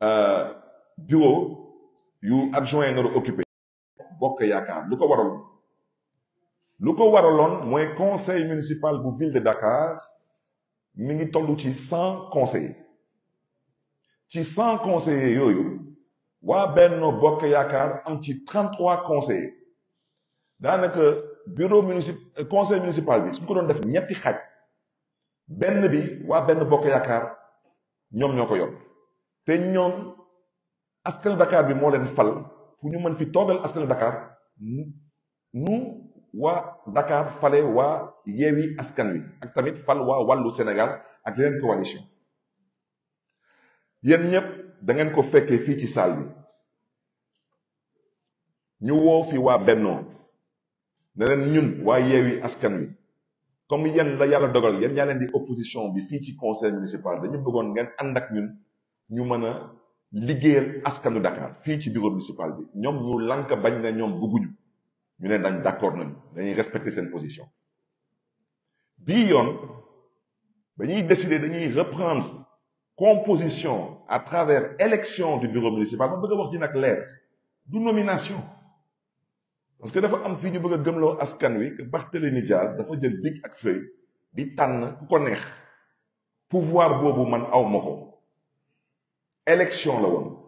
Euh, bureau yu adjoint nar a occupé bokk yaakaar lu ko waraloon lu ko war waraloon mooy conseil municipal bu ville de Dakar mi ngi toll ci cent conseillers ci cent conseillers yooyu waa Benno Bokk Yaakaar am ci trente-trois conseillers daanaka bureau municipal conseil municipal bi su ñu ko doon def ñetti xaj benn bi waa benn Bokk Yaakaar ñoom ñoo ko yor te ñoom askanu dakaar bi moo leen fal fu ñu mën fi toogal askanu Dakar nu waa Dakar fale waa Yewwi Askan Wi ak tamit fal waa wàllu Sénégal ak yeneen coalition yéen ñëpp dangeen ko fekkee fii ci salle bi ñu woo fi waa Bennoo ne leen ñun waa Yewwi Askan Wi comme yéen la yàlla dogal yéen ñaa leen di opposition bi fii ci conseil municipal dañu bëggoon ngeen ànd ak ñun ñu mën a liggéeyal askanu Dakar fii ci bureau municipal bi ñoom ñu lank bañ na ñoom bëgguñu ñu ne dañ d'accord nañu dañuy respecter seen position bii yoon dañuy décider dañuy reprendre composition à travers élection du bureau municipal ma bëgg wax ji nag leer du nomination parce que dafa am fii ñu bëgg a gëmloo askan wi que Barthélémy Diaz dafa jël bic ak feuille di tànn ku ko neex pouvoir boobu man aw ma ko élection la woon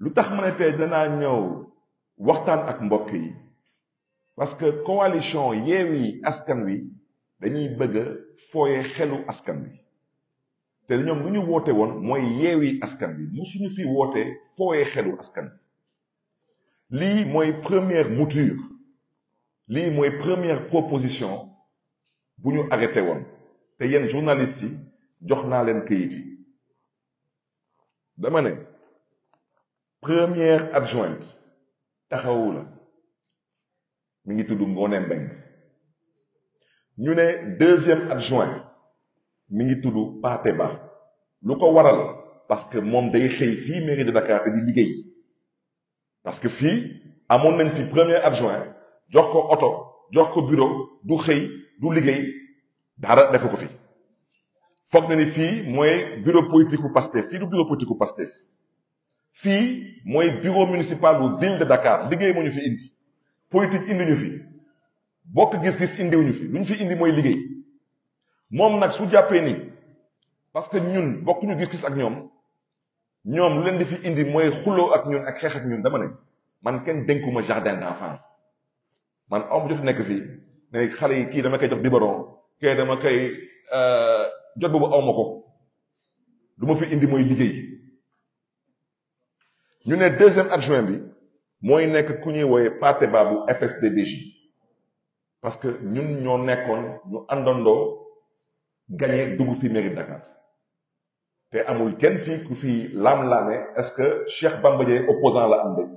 lu tax ma ne tey danaa ñëw waxtaan ak mbokk yi parce que coalition Yewwi Askan Wi dañuy bëgg a xelu askan wi te ñoom lu ñu woote woon mooy Yewwi Askan Wi musuñu fi woote fooye xelu askan wi lii mooy première mouture lii mooy première proposition bu ñu arrêté woon te yéen journalistes yi jox naa leen këyit yi dama ne première adjointe taxawu la mi ngi tudd Ngoné Mbengue ñu ne deuxième adjoint mu ngi tudd Pathé Ba lu ko waral parce que moom day xëy fii mairie Dakar te di liggéey parce que fii amoon nañ fi premier adjoint jox ko oto jox ko bureau du xëy du liggéey dara def ko fi. foog na ni fii mooy bureau politique u Pastef fii du bureau politique u Pastef fii mooy bureau municipal bu ville de Dakar liggéey moo ñu fi indi politique indi ñu fi bokk gis-gis indiw ñu fi lu ñu fi indi mooy liggéey moom nag su jàppee ni parce que ñun bokkuñu gis-gis ak ñoom ñoom lu leen di fi indi mooy xuloo ak ñun ak xeex ak ñun dama ne man kenn dénkuma jardin d'enfant man aw ma jot nekk fii ne xale yi kii dama koy jox biberon kii dama koy euh, jot boobu awma ko lu ma fi indi mooy liggéey ñu ne deuxième adjoint bi mooy nekk ku ñuy wooye Pathé Ba bu FSD/BJ parce que ñun ñoo nekkoon ñu àndandoo gañe dugg fi mairie Dakar te amul kenn fii ku fi laam-laame est-ce que Cheikh Bamba Dièye opposant la am dét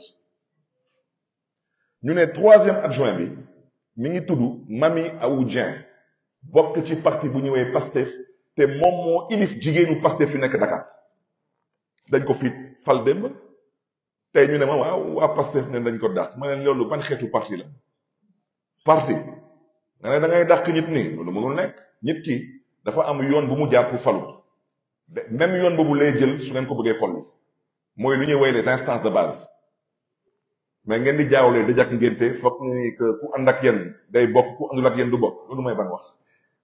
ñu ne troisième adjoint bi mi ngi tudd Mami Awu Dieng bokk ci parti bu ñuy wooye Pastef te moom moo ilif jigéenu Pastef yu nekk Dakar dañ ko fi fal démb tey ñu ne ma waaw waa Pastef ne dañ ko dàq ma ne loolu ban xeetu parti la parti nga ne da ngay dàq nit nii loolu mënul nekk nit ki dafa am yoon bu mu jaar pour falu même yoon boobu lay jël su ngeen ko bëggee follu mooy lu ñuy woy les instances de base mais ngeen di jaawale dëj ak ngénte foog ni que ku ànd ak yéen day bokk ku àndul ak yéen du bokk loolu mooy ban wax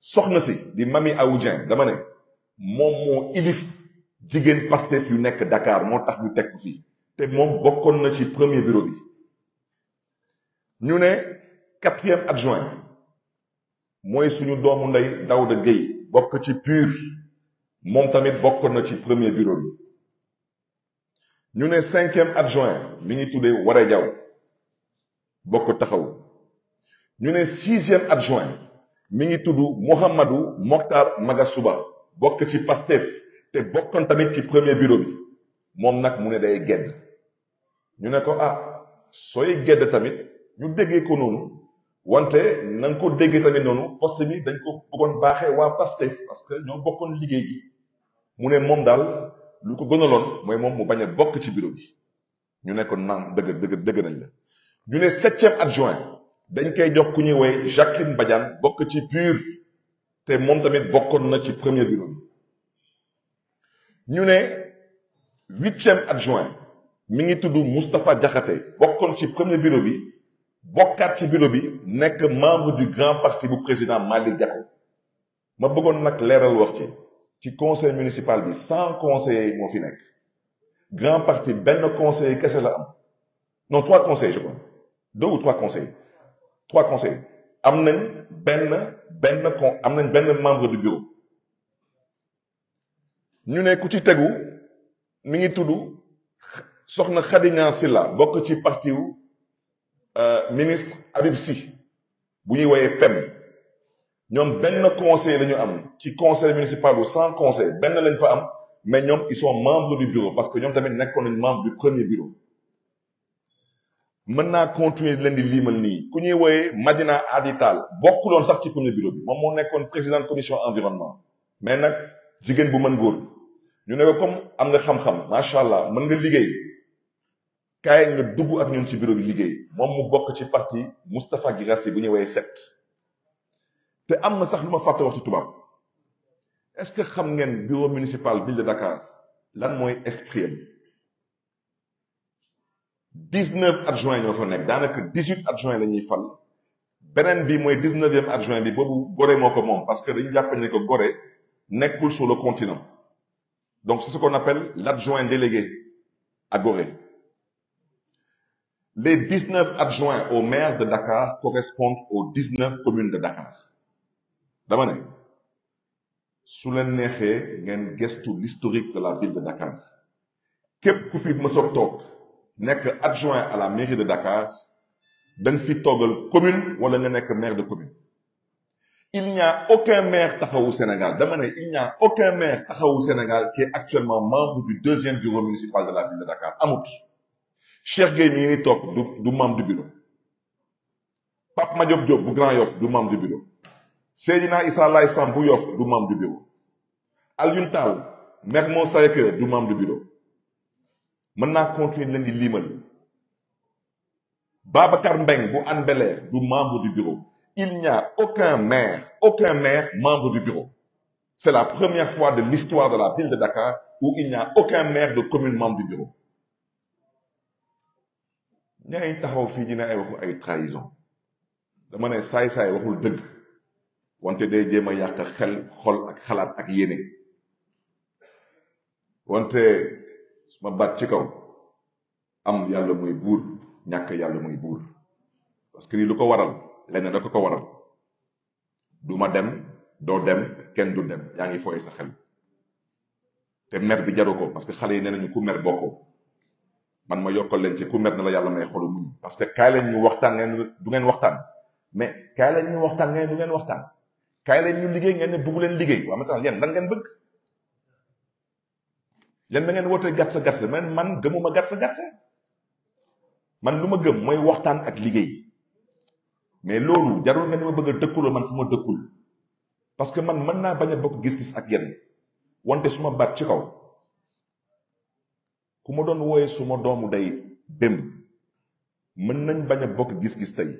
soxna si di Mami Aw Dieng dama ne moom moo ilif jigéen Pastef yu nekk dakaar moo tax ñu teg ko te moom bokkoon na ci premier bureau bi ñu ne quatrième adjoint mooy suñu doomu ndey da Gueye bokk ci PUR moom tamit bokkoon na ci premier bureau bi ñu ne cinquième adjoint mi ngi tuddee waree jaw bokk taxaw ñu ne sixième adjoint mi ngi tudd Mouhamadou Mokhtar Magasuba bokk ci Pastef te bokkoon tamit ci premier bureau bi moom nag mu ne day gedd ñu ne ko ah sooy gedd tamit ñu déggee ko noonu wante na nga ko déggee tamit noonu poste bi dañ ko bëggoon baaxee waa Pastef parce que ñoo bokkoon liggéey gi mu ne moom daal lu ko gënaloon mooy moom mu bañ bokk ci bureau bi ñu ne ko naan dëgg dëgg dëgg nañ la ñu ne septième adjoint dañ koy jox ku ñuy woy Jacqueline Badiane bokk ci PUR te moom tamit bokkoon na ci premier bureau ñu ne huitième adjoint mi ngi tudd Moustapha Diakhaté bokkoon ci premier bureau bi bokkaat ci bureau bi nekk membre du grand parti bu président Malick Gakou ma bëggoon nag leeral wax ci ci conseil municipal bi cent conseillers moo fi nekk grand parti benn conseiller kese la am non trois conseillers je crois deux trois conseillers trois conseillers am nañ benn benn con am nañ benn membre du bureau ñu ne ku ci tegu mi ngi tudd soxna Khady Niang Silla bokk ci parti wu euh, ministre Habib si bu ñuy woyee PEM ñoom benn conseil la ñu am ci conseil municipal bu sans conseil benn lañ fa am mais ñoom ils sont membres du bureau parce que ñoom tamit nekkoon nañ membre du premier bureau mën naa continuer di leen di limal nii ku ñuy wooyee Madina Adi Tall bokkuloon sax ci premier bureau bi moom moo nekkoon président commission environnement mais nag jigéen bu mën góor ñu ne ko comme am nga xam-xam macha allah mën nga liggéey kaay nga dugg ak ñun ci bureau bi liggéey moom mu bokk ci parti Moustapha Guirassy bu ñuy wooyee set te am na sax lu ma fàtte wax ci tubaab est-ce que xam ngeen bureau municipal ville de Dakar lan mooy esprit 19 adjoints ñoo fa nekk daanaka 18 adjoints la ñuy fal beneen bi mooy 19e adjoint bi boobu Gorée moo ko moom parce que dañu jàpp ne que Gorée nekkul sur le continent donc c'est ce qu'on appelle l'adjoint délégué à Gorée les 19 adjoints au maire de Dakar correspondent aux 19 communes de Dakar dama ne su leen neexee ngeen gestu l'historique de la ville de Dakar képp ku fi mësa toog nekk adjoint à la mairie de Dakar da fi toogal commune wala nga nekk maire de commune il n'y a aucun maire taxawu Sénégal dama ne il n'y a aucun maire taxawu Sénégal qui actuellement membre du deuxième bureau municipal de la ville de Dakar amut Cheikh Gueye mi ngi toog du du membre du bureau Pape Madiop Diop bu Grand Yoff du membre du bureau Seydina Issa Laye Samb bu Yoff du membre du bureau Alioune Tall maire Mermoz sacré du membre du bureau mën naa continuer leen liimal Babacar Mbeng bu Hann bel du membre du bureau il n'y a aucun maire aucun maire membre du bureau c'est la première fois de l'histoire de la ville de Dakar où il n'y a aucun maire de commune membre du bureau ñaari taxaw fii dina ay waxu ay trahison dama ne saay-saay waxul dëgg wante day jéem a yàq xel xol ak xalaat ak yéene wante su ma baat ci kaw am yàlla mooy buur ñàkk yàlla mooy buur parce que lii lu ko waral lenn da ko ko waral du ma dem doo dem kenn du dem yaa ngi fooye sa xel te mer bi jaru ko parce que xale yi nee nañu ku mer bokkoo man ma yokkal leen ci ku mer na la yàlla may xolu parce que kaay leen ñu waxtaan ngeen du ngeen waxtaan mais kaay leen ñu waxtaan ngeen du ngeen waxtaan kaay leen ñu liggéey ngeen ne bëggu leen liggéey waa ma tax yéen lan ngeen bëgg leen da ngeen wootee gatsa gatsa man man gëmuma gatsa gatsa man lu ma gëm mooy waxtaan ak liggéey mais loolu jarul nga ni ma bëgg a dëkkuloo man fu ma dëkkul parce que man mën naa bañ a bokk gis-gis ak yenn wante su ma baat ci kaw ku ma doon wooyee suma doomu day bém mën nañ bañ a bokk gis-gis tey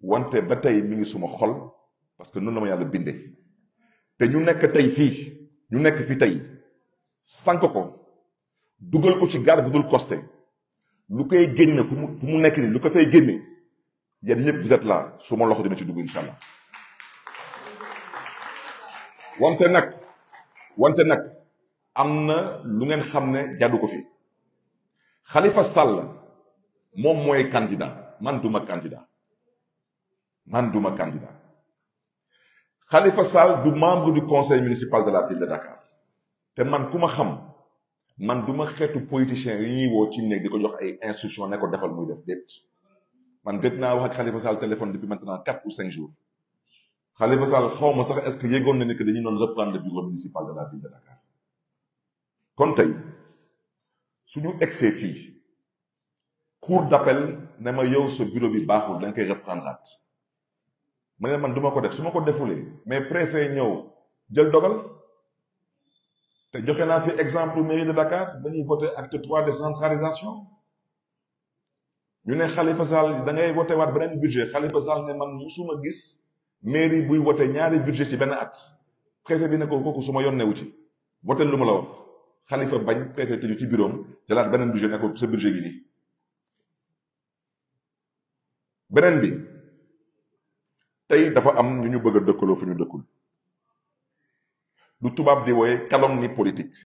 wante ba tey mi ngi suma xol parce que noonu la ma yàlla bindee te ñu nekk tey fii ñu nekk fi tey sànq ko dugal ko ci gaal bu dul costé lu koy génne fu mu fu mu nekk nii lu ko fay génne yéen ñëpp vous êtes là su ma loxo dina ci dugg incha allah wante nag wante nag am na lu ngeen xam ne jàddu ko fi Khalifa Sall moom mooy candidat man duma candidat man duma candidat Khalifa Sall du membre du conseil municipal de la ville de Dakar te man ku ma xam man du ma xeetu politicien yi ñuy woo ci néeg di ko jox ay instruction ne ko defal muy def déet man gëj naa wax ak Khalifa Sall téléphone depuis maintenant quatre ou cinq jours Khalifa xaw ma sax est-ce que yéegoon na ne que dañu doon reprendre le bureau municipal de la ville de Dakar kon tey suñu egsee fii cour d'appel ne ma yow sa bureau bi baaxul dañ koy reprendre at ma ne man duma ko def su ma ko defulee mais préfet ñëw jël dogal te joxe naa fi exemple mairie de Dakar dañuy voté acte trois décentralisation ñu ne Khalifa Sall da ngay voté waat beneen budget Khalifa saal ne man musuma gis mairie buy voté ñaari budget ci benn at préfet bi ne ko kooku su ma yoon newu ci voté lu ma la wax Khalifa bañ préfet tëju ci biroom jëlaat beneen budget ne ko sa budget gi nii beneen bi tey dafa am ñu ñu bëgg a dëkkaloo fu ñu dëkkul lu tubaab di wooye calomnie politique